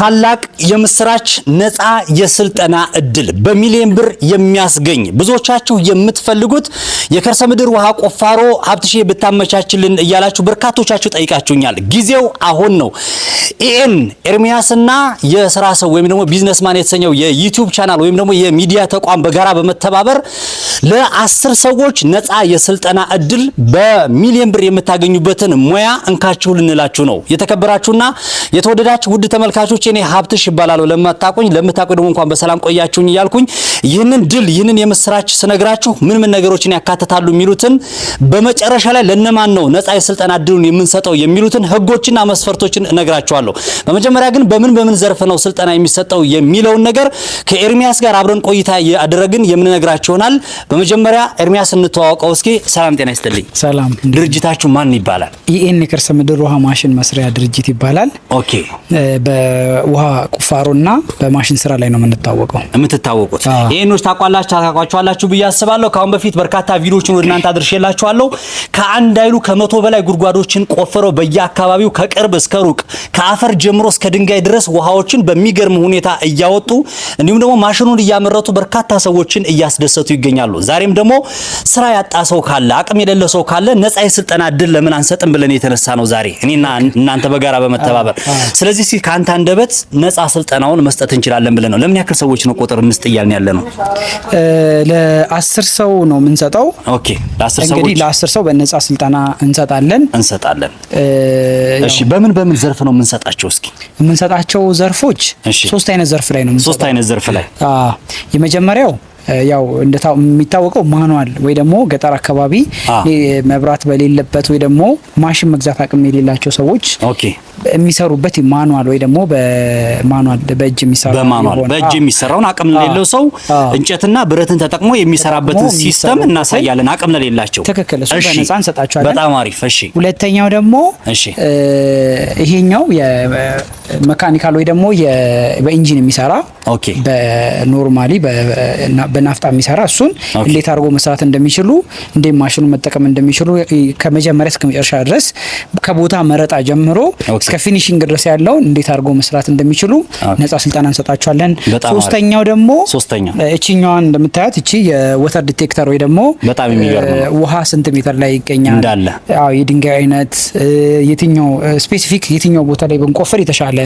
ታላቅ የምስራች ነፃ የስልጠና እድል በሚሊዮን ብር የሚያስገኝ ብዙዎቻችሁ የምትፈልጉት የከርሰ ምድር ውሃ ቁፋሮ ሀብትሽ ብታመቻችልን እያላችሁ በርካቶቻችሁ ጠይቃችሁኛል። ጊዜው አሁን ነው። ኢኤን ኤርሚያስና የስራ ሰው ወይም ደግሞ ቢዝነስማን የተሰኘው የዩቲዩብ ቻናል ወይም ደግሞ የሚዲያ ተቋም በጋራ በመተባበር ለአስር ሰዎች ነፃ የስልጠና እድል በሚሊዮን ብር የምታገኙበትን ሙያ እንካችሁ ልንላችሁ ነው። የተከበራችሁና የተወደዳችሁ ውድ ተመልካቾች እኔ ሀብትሽ ይባላለሁ። ለማታቆኝ ለምታቁ ደግሞ እንኳን በሰላም ቆያችሁኝ እያልኩኝ ይህንን ድል ይህንን የምስራች ስነግራችሁ ምን ምን ነገሮችን ያካትታሉ የሚሉትን በመጨረሻ ላይ ለነማን ነው ነፃ የስልጠና እድሉን የምንሰጠው የሚሉትን ህጎችና መስፈርቶችን እነግራችኋለሁ። በመጀመሪያ ግን በምን በምን ዘርፍ ነው ስልጠና የሚሰጠው የሚለውን ነገር ከኤርሚያስ ጋር አብረን ቆይታ ያደረግን የምንነግራችሁ ይሆናል። በመጀመሪያ ኤርሚያስ እንተዋወቀው እስኪ። ሰላም ጤና ይስጥልኝ። ሰላም። ድርጅታችሁ ማን ይባላል? ኢኤን የከርሰ ምድር ውሃ ማሽን መስሪያ ድርጅት ይባላል። ኦኬ። በውሃ ቁፋሮና በማሽን ስራ ላይ ነው የምንታወቀው። የምትታወቁት ይህኖች ታቋላችሁ ታቋቸዋላችሁ ብዬ አስባለሁ። ከአሁን በፊት በርካታ ቪዲዮዎችን ወደ እናንተ አድርሼላችኋለሁ። ከአንድ አይሉ ከመቶ በላይ ጉድጓዶችን ቆፍረው በየአካባቢው ከቅርብ እስከ ሩቅ ከአፈር ጀምሮ እስከ ድንጋይ ድረስ ውሃዎችን በሚገርም ሁኔታ እያወጡ እንዲሁም ደግሞ ማሽኑን እያመረቱ በርካታ ሰዎችን እያስደሰቱ ይገኛሉ። ይላሉ። ዛሬም ደግሞ ስራ ያጣ ሰው ካለ አቅም የሌለ ሰው ካለ ነጻ የስልጠና እድል ለምን አንሰጥም ብለን የተነሳ ነው ዛሬ እኔና እናንተ በጋራ በመተባበር ስለዚህ እስኪ ከአንተ አንደበት ነጻ ስልጠናውን መስጠት እንችላለን ብለን ነው። ለምን ያክል ሰዎች ነው ቁጥር እንስጥ እያልን ያለ ነው? ለአስር ሰው ነው የምንሰጠው። ኦኬ ለአስር ሰው እንግዲህ ለአስር ሰው በነጻ ስልጠና እንሰጣለን እንሰጣለን። እሺ በምን በምን ዘርፍ ነው የምንሰጣቸው? እስኪ የምንሰጣቸው ዘርፎች ሶስት አይነት ዘርፍ ላይ ነው። ሶስት አይነት ዘርፍ ላይ የመጀመሪያው ያው የሚታወቀው ማኗል ወይ ደግሞ ገጠር አካባቢ መብራት በሌለበት ወይ ደግሞ ማሽን መግዛት አቅም የሌላቸው ሰዎች የሚሰሩበት ማኗል ወይ ደግሞ በማኗል በእጅ የሚሰራውን አቅም ለሌለው ሰው እንጨትና ብረትን ተጠቅሞ የሚሰራበትን ሲስተም እናሳያለን። አቅም ለሌላቸው ትክክል፣ እሱ በነጻ እንሰጣቸዋለን። በጣም አሪፍ። እሺ፣ ሁለተኛው ደግሞ ይሄኛው የመካኒካል ወይ ደግሞ በኢንጂን የሚሰራ ኦኬ፣ በኖርማሊ በናፍጣ የሚሰራ እሱን እንዴት አድርጎ መስራት እንደሚችሉ እንዴት ማሽኑ መጠቀም እንደሚችሉ ከመጀመሪያ እስከ መጨረሻ ድረስ ከቦታ መረጣ ጀምሮ እስከ ፊኒሽንግ ድረስ ያለውን እንዴት አድርጎ መስራት እንደሚችሉ ነጻ ስልጠና እንሰጣቸዋለን። ሶስተኛው ደግሞ እችኛዋን እንደምታያት እቺ የወተር ዲቴክተር ወይ ደግሞ ውሃ ስንት ሜትር ላይ ይገኛል እንዳለ የድንጋይ አይነት የትኛው ስፔሲፊክ የትኛው ቦታ ላይ ብንቆፍር የተሻለ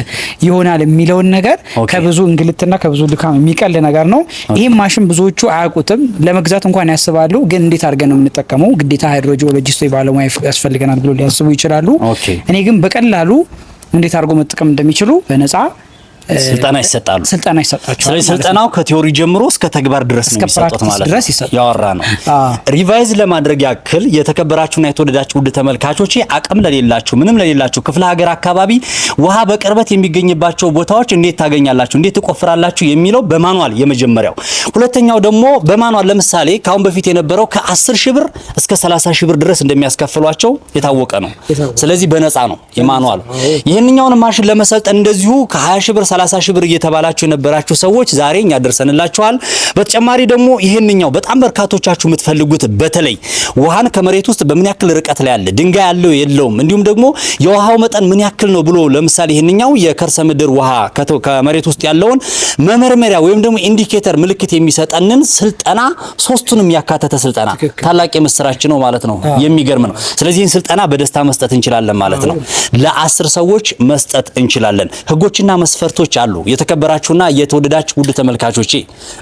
ይሆናል የሚለውን ነገር ከብዙ እንግልትና ከብዙ ልካም የሚቀል ነገር ነው። ይህም ማሽን ብዙ ብዙዎቹ አያውቁትም። ለመግዛት እንኳን ያስባሉ፣ ግን እንዴት አድርገን ነው የምንጠቀመው? ግዴታ ሃይድሮጂኦሎጂስት ባለሙያ ያስፈልገናል ብሎ ሊያስቡ ይችላሉ። እኔ ግን በቀላሉ እንዴት አድርጎ መጠቀም እንደሚችሉ በነጻ። ስልጠና ይሰጣሉ። ስልጠና ይሰጣቸዋል። ስለዚህ ስልጠናው ከቴዎሪ ጀምሮ እስከ ተግባር ድረስ ነው የሚሰጡት ማለት ነው። ያወራ ነው ሪቫይዝ ለማድረግ ያክል የተከበራችሁና የተወደዳችሁ ውድ ተመልካቾች፣ አቅም ለሌላችሁ ምንም ለሌላችሁ ክፍለ ሀገር አካባቢ ውሃ በቅርበት የሚገኝባቸው ቦታዎች እንዴት ታገኛላችሁ፣ እንዴት ትቆፍራላችሁ የሚለው በማኑዋል የመጀመሪያው። ሁለተኛው ደግሞ በማኑዋል ለምሳሌ ካሁን በፊት የነበረው ከ10 ሺህ ብር እስከ 30 ሺህ ብር ድረስ እንደሚያስከፍሏቸው የታወቀ ነው። ስለዚህ በነፃ ነው የማኑዋል። ይህንኛውን ማሽን ለመሰልጠን እንደዚሁ ከ20 ሺህ ብር 30 ሺህ ብር እየተባላችሁ የነበራችሁ ሰዎች ዛሬ እኛ ደርሰንላችኋል። በተጨማሪ ደግሞ ይህንኛው በጣም በርካቶቻችሁ የምትፈልጉት በተለይ ውሃን ከመሬት ውስጥ በምን ያክል ርቀት ላይ አለ፣ ድንጋይ ያለው የለውም፣ እንዲሁም ደግሞ የውሃው መጠን ምን ያክል ነው ብሎ ለምሳሌ ይህንኛው የከርሰ ምድር ውሃ ከመሬት ውስጥ ያለውን መመርመሪያ ወይም ደግሞ ኢንዲኬተር ምልክት የሚሰጠንን ስልጠና ሶስቱንም ያካተተ ስልጠና ታላቅ የምስራች ነው ማለት ነው። የሚገርም ነው። ስለዚህን ስልጠና በደስታ መስጠት እንችላለን ማለት ነው። ለአስር ሰዎች መስጠት እንችላለን። ህጎችና መስፈርቶ መስፈርቶች አሉ። የተከበራችሁና የተወደዳችሁ ውድ ተመልካቾቼ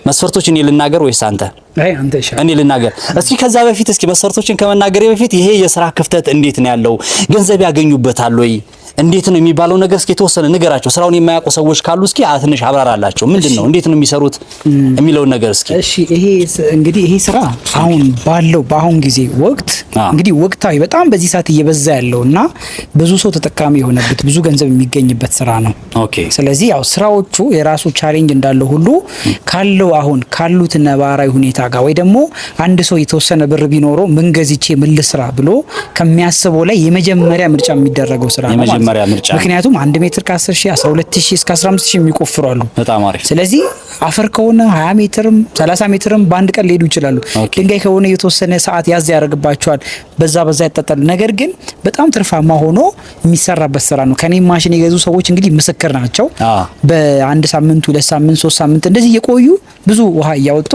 መስፈርቶችን ልናገር ወይስ አንተ? እኔ ልናገር እስኪ ከዛ በፊት እስኪ መሰረቶችን ከመናገሬ በፊት ይሄ የስራ ክፍተት እንዴት ነው ያለው? ገንዘብ ያገኙበታል ወይ እንዴት ነው የሚባለው ነገር እስኪ የተወሰነ ንገራቸው። ስራውን የማያውቁ ሰዎች ካሉ እስኪ ትንሽ አብራራላቸው። ምንድን ነው እንዴት ነው የሚሰሩት የሚለውን ነገር እስኪ። እሺ ይሄ እንግዲህ ይሄ ስራ አሁን ባለው በአሁን ጊዜ ወቅት እንግዲህ ወቅታዊ በጣም በዚህ ሰዓት እየበዛ ያለው እና ብዙ ሰው ተጠቃሚ የሆነበት ብዙ ገንዘብ የሚገኝበት ስራ ነው። ኦኬ ስለዚህ ያው ስራዎቹ የራሱ ቻሌንጅ እንዳለው ሁሉ ካለው አሁን ካሉት ነባራዊ ሁኔታ ጋር ወይ ደግሞ አንድ ሰው የተወሰነ ብር ቢኖረው ምን ገዝቼ ምን ልስራ ብሎ ከሚያስበው ላይ የመጀመሪያ ምርጫ የሚደረገው ስራ ነው። ምክንያቱም አንድ ሜትር ከ10 ሺህ 12 ሺህ እስከ 15 ሺህ የሚቆፍሩ አሉ። ስለዚህ አፈር ከሆነ 20 ሜትርም 30 ሜትርም በአንድ ቀን ሊሄዱ ይችላሉ። ድንጋይ ከሆነ የተወሰነ ሰዓት ያዝ ያደርግባቸዋል። በዛ በዛ ያጣጣሉ። ነገር ግን በጣም ትርፋማ ሆኖ የሚሰራበት ስራ ነው። ከኔ ማሽን የገዙ ሰዎች እንግዲህ ምስክር ናቸው። በአንድ ሳምንት፣ ሁለት ሳምንት፣ ሶስት ሳምንት እንደዚህ እየቆዩ ብዙ ውሃ እያወጡ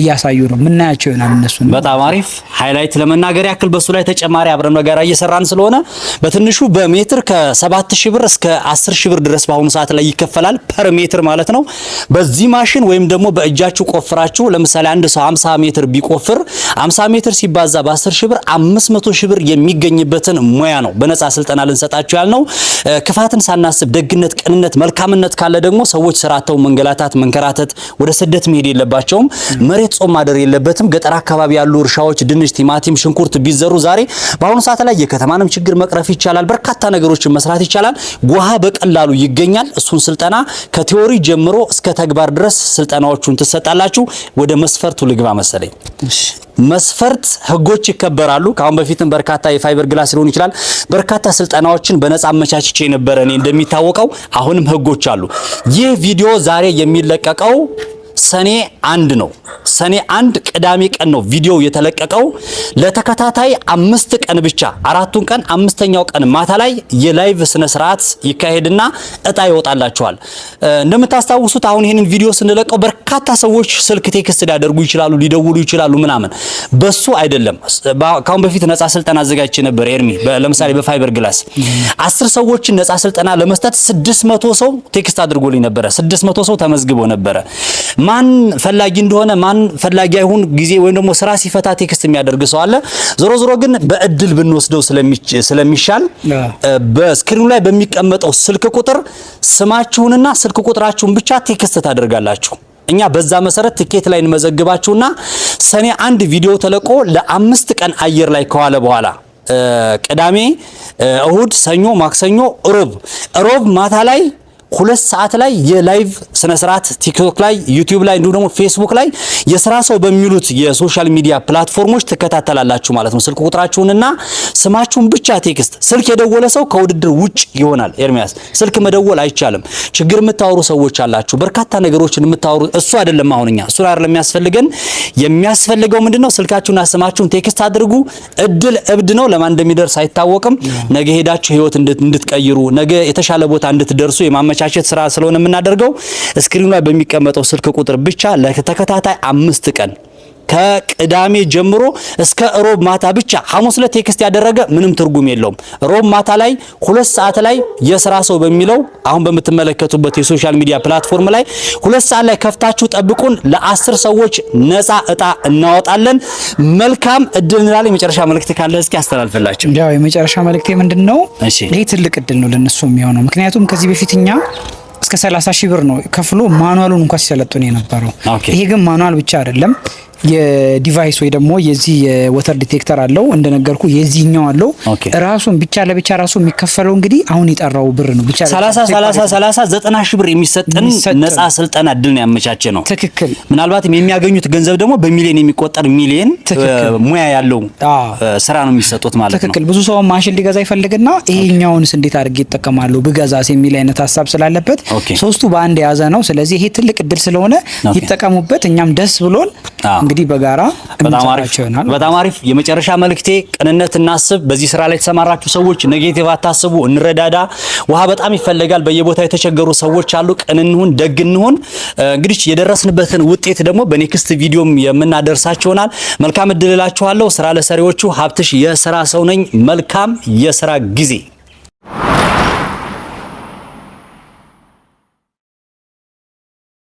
እያሳ እያሳዩ ነው ምናያቸው ይሆናል። እነሱ በጣም አሪፍ ሃይላይት ለመናገር ያክል በሱ ላይ ተጨማሪ አብረን በጋራ እየሰራን ስለሆነ በትንሹ በሜትር ከሰባት 7000 ብር እስከ 10000 ብር ድረስ በአሁኑ ሰዓት ላይ ይከፈላል ፐር ሜትር ማለት ነው። በዚህ ማሽን ወይም ደግሞ በእጃችሁ ቆፍራችሁ ለምሳሌ አንድ ሰው 50 ሜትር ቢቆፍር 50 ሜትር ሲባዛ በ 10000 ብር 500 ብር የሚገኝበትን ሙያ ነው በነፃ ስልጠና ልንሰጣችሁ ያልነው። ክፋትን ሳናስብ ደግነት፣ ቅንነት፣ መልካምነት ካለ ደግሞ ሰዎች ስራተው መንገላታት፣ መንከራተት፣ ወደ ስደት መሄድ የለባቸውም። መሬት ጾም ማደር የለበትም። ገጠር አካባቢ ያሉ እርሻዎች ድንች፣ ቲማቲም፣ ሽንኩርት ቢዘሩ ዛሬ በአሁኑ ሰዓት ላይ የከተማንም ችግር መቅረፍ ይቻላል። በርካታ ነገሮችን መስራት ይቻላል። ጓሃ በቀላሉ ይገኛል። እሱን ስልጠና ከቲዎሪ ጀምሮ እስከ ተግባር ድረስ ስልጠናዎቹን ትሰጣላችሁ። ወደ መስፈርቱ ልግባ መሰለኝ። መስፈርት ህጎች ይከበራሉ። ከአሁን በፊትም በርካታ የፋይበር ግላስ ሊሆን ይችላል በርካታ ስልጠናዎችን በነጻ አመቻችቼ የነበረ እኔ እንደሚታወቀው አሁንም ህጎች አሉ። ይህ ቪዲዮ ዛሬ የሚለቀቀው ሰኔ አንድ ነው። ሰኔ አንድ ቅዳሜ ቀን ነው ቪዲዮ የተለቀቀው። ለተከታታይ አምስት ቀን ብቻ አራቱን ቀን አምስተኛው ቀን ማታ ላይ የላይቭ ስነ ስርዓት ይካሄድና እጣ ይወጣላቸዋል። እንደምታስታውሱት አሁን ይህንን ቪዲዮ ስንለቀው በርካታ ሰዎች ስልክ ቴክስት ሊያደርጉ ይችላሉ፣ ሊደውሉ ይችላሉ ምናምን። በሱ አይደለም። ካሁን በፊት ነጻ ስልጠና አዘጋጅቼ ነበር ኤርሚ። ለምሳሌ በፋይበር ግላስ አስር ሰዎችን ነጻ ስልጠና ለመስጠት ስድስት መቶ ሰው ቴክስት አድርጎልኝ ነበረ። ስድስት መቶ ሰው ተመዝግቦ ነበረ። ማን ፈላጊ እንደሆነ ማን ፈላጊ አይሁን ጊዜ ወይም ደግሞ ስራ ሲፈታ ቴክስት የሚያደርግ ሰው አለ። ዞሮ ዞሮ ግን በእድል ብንወስደው ስለሚሻል በስክሪኑ ላይ በሚቀመጠው ስልክ ቁጥር ስማችሁንና ስልክ ቁጥራችሁን ብቻ ቴክስት ታደርጋላችሁ። እኛ በዛ መሰረት ትኬት ላይ እንመዘግባችሁና ሰኔ አንድ ቪዲዮ ተለቆ ለአምስት ቀን አየር ላይ ከዋለ በኋላ ቅዳሜ፣ እሁድ፣ ሰኞ፣ ማክሰኞ፣ ሮብ ሮብ ማታ ላይ ሁለት ሰዓት ላይ የላይቭ ስነ ስርዓት ቲክቶክ ላይ ዩቲዩብ ላይ እንዲሁም ደግሞ ፌስቡክ ላይ የስራ ሰው በሚሉት የሶሻል ሚዲያ ፕላትፎርሞች ትከታተላላችሁ ማለት ነው። ስልክ ቁጥራችሁንና ስማችሁን ብቻ ቴክስት። ስልክ የደወለ ሰው ከውድድር ውጭ ይሆናል። ኤርሚያስ ስልክ መደወል አይቻልም። ችግር የምታወሩ ሰዎች አላችሁ፣ በርካታ ነገሮችን የምታወሩ እሱ አይደለም አሁንኛ እሱ አይደለም የሚያስፈልገን። የሚያስፈልገው ምንድነው? ስልካችሁና ስማችሁን ቴክስት አድርጉ። እድል እብድ ነው፣ ለማን እንደሚደርስ አይታወቅም። ነገ ሄዳችሁ ህይወት እንድትቀይሩ፣ ነገ የተሻለ ቦታ እንድትደርሱ የማመቻቸት ስራ ስለሆነ የምናደርገው እስክሪኑ ላይ በሚቀመጠው ስልክ ቁጥር ብቻ ለተከታታይ አምስት ቀን ከቅዳሜ ጀምሮ እስከ ሮብ ማታ ብቻ ሐሙስ ዕለት ቴክስት ያደረገ ምንም ትርጉም የለውም። ሮብ ማታ ላይ ሁለት ሰዓት ላይ የስራ ሰው በሚለው አሁን በምትመለከቱበት የሶሻል ሚዲያ ፕላትፎርም ላይ ሁለት ሰዓት ላይ ከፍታችሁ ጠብቁን። ለአስር ሰዎች ነፃ እጣ እናወጣለን። መልካም እድል እንላለን። የመጨረሻ መልእክት ካለ እስኪ አስተላልፍላችሁ። ያው የመጨረሻ መልእክቴ ምንድን ነው? ይሄ ትልቅ እድል ነው ለነሱ የሚሆነው ምክንያቱም ከዚህ በፊት እኛ እስከ 30 ሺህ ብር ነው ከፍሎ ማኑዋሉን እንኳን ሲሰለጡን የነበረው። ይሄ ግን ማኑዋል ብቻ አይደለም የዲቫይስ ወይ ደግሞ የዚህ የወተር ዲቴክተር አለው እንደነገርኩ የዚህኛው አለው ራሱን ብቻ ለብቻ ራሱ የሚከፈለው እንግዲህ አሁን የጠራው ብር ነው። ብቻ ሰላሳ ሰላሳ ሰላሳ ዘጠና ሺህ ብር የሚሰጥን ነጻ ስልጠና እድል ነው ያመቻቸ ነው። ትክክል። ምናልባትም የሚያገኙት ገንዘብ ደግሞ በሚሊዮን የሚቆጠር ሚሊዮን ሙያ ያለው ስራ ነው የሚሰጡት ማለት ነው። ትክክል። ብዙ ሰው ማሽን ሊገዛ ይፈልግና ይሄኛውንስ እንዴት አድርጌ ይጠቀማሉ ብገዛስ የሚል አይነት ሀሳብ ስላለበት ሶስቱ በአንድ የያዘ ነው። ስለዚህ ይሄ ትልቅ እድል ስለሆነ ይጠቀሙበት። እኛም ደስ ብሎን እንግዲህ በጋራ በጣም አሪፍ። የመጨረሻ መልእክቴ ቅንነት እናስብ። በዚህ ስራ ላይ የተሰማራችሁ ሰዎች ኔጌቲቭ አታስቡ፣ እንረዳዳ። ውሃ በጣም ይፈለጋል። በየቦታው የተቸገሩ ሰዎች አሉ። ቅን እንሁን፣ ደግ እንሁን። እንግዲህ የደረስንበትን ውጤት ደግሞ በኔክስት ቪዲዮም የምናደርሳችሁናል። ይሆናል። መልካም እድል እላችኋለሁ። ስራ ለሰሪዎቹ ሀብትሽ የስራ ሰው ነኝ። መልካም የስራ ጊዜ